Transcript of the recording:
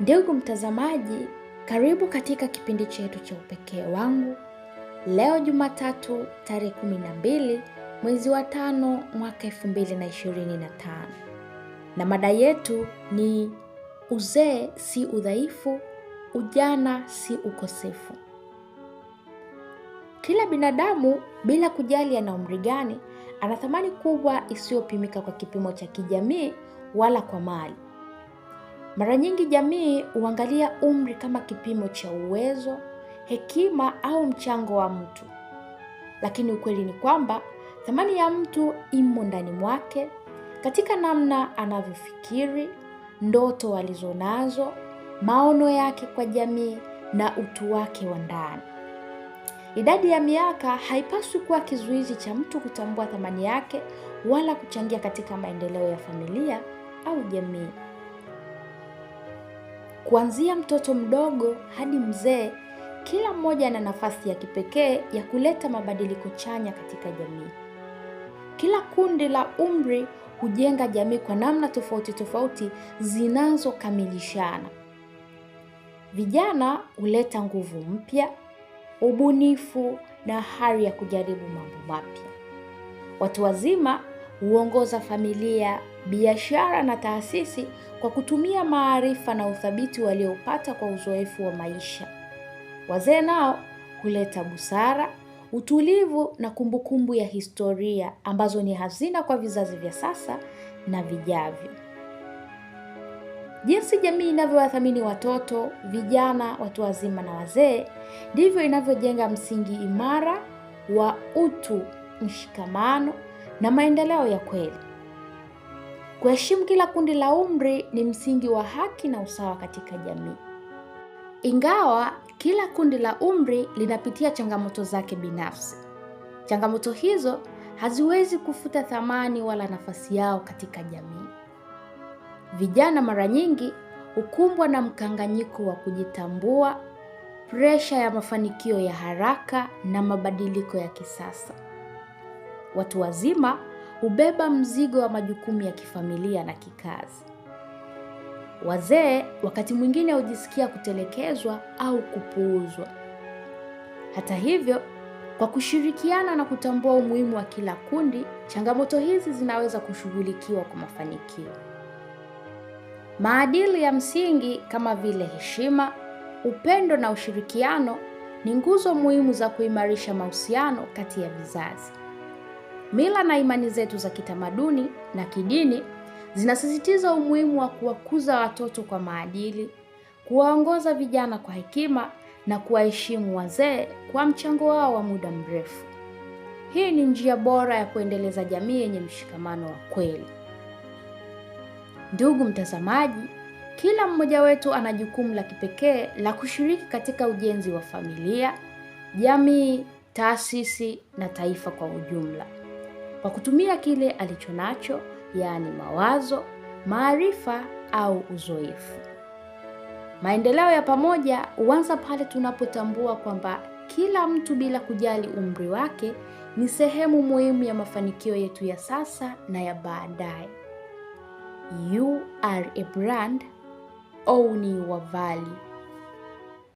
Ndugu mtazamaji, karibu katika kipindi chetu cha Upekee wangu. Leo Jumatatu tarehe 12 mwezi wa tano mwaka tano na mada yetu ni uzee si udhaifu, ujana si ukosefu. Kila binadamu bila kujali ana umri gani, ana thamani kubwa isiyopimika kwa kipimo cha kijamii wala kwa mali. Mara nyingi jamii huangalia umri kama kipimo cha uwezo, hekima au mchango wa mtu, lakini ukweli ni kwamba thamani ya mtu imo ndani mwake, katika namna anavyofikiri, ndoto alizonazo, maono yake kwa jamii na utu wake wa ndani. Idadi ya miaka haipaswi kuwa kizuizi cha mtu kutambua thamani yake wala kuchangia katika maendeleo ya familia au jamii. Kuanzia mtoto mdogo hadi mzee, kila mmoja ana nafasi ya kipekee ya kuleta mabadiliko chanya katika jamii. Kila kundi la umri hujenga jamii kwa namna tofauti tofauti zinazokamilishana. Vijana huleta nguvu mpya, ubunifu na hari ya kujaribu mambo mapya. Watu wazima huongoza familia, biashara na taasisi kwa kutumia maarifa na uthabiti waliopata kwa uzoefu wa maisha, wazee nao huleta busara, utulivu na kumbukumbu ya historia ambazo ni hazina kwa vizazi vya sasa na vijavyo. Jinsi jamii inavyowathamini watoto, vijana, watu wazima na wazee, ndivyo inavyojenga msingi imara wa utu, mshikamano na maendeleo ya kweli. Kuheshimu kila kundi la umri ni msingi wa haki na usawa katika jamii. Ingawa kila kundi la umri linapitia changamoto zake binafsi, changamoto hizo haziwezi kufuta thamani wala nafasi yao katika jamii. Vijana mara nyingi hukumbwa na mkanganyiko wa kujitambua, presha ya mafanikio ya haraka na mabadiliko ya kisasa. Watu wazima hubeba mzigo wa majukumu ya kifamilia na kikazi. Wazee wakati mwingine hujisikia kutelekezwa au kupuuzwa. Hata hivyo, kwa kushirikiana na kutambua umuhimu wa kila kundi, changamoto hizi zinaweza kushughulikiwa kwa mafanikio. Maadili ya msingi kama vile heshima, upendo na ushirikiano ni nguzo muhimu za kuimarisha mahusiano kati ya vizazi. Mila na imani zetu za kitamaduni na kidini zinasisitiza umuhimu wa kuwakuza watoto kwa maadili, kuwaongoza vijana kwa hekima na kuwaheshimu wazee kwa mchango wao wa muda mrefu. Hii ni njia bora ya kuendeleza jamii yenye mshikamano wa kweli. Ndugu mtazamaji, kila mmoja wetu ana jukumu la kipekee la kushiriki katika ujenzi wa familia, jamii, taasisi na taifa kwa ujumla kwa kutumia kile alicho nacho yaani mawazo, maarifa au uzoefu. Maendeleo ya pamoja huanza pale tunapotambua kwamba kila mtu bila kujali umri wake ni sehemu muhimu ya mafanikio yetu ya sasa na ya baadaye. You are a brand, own your value.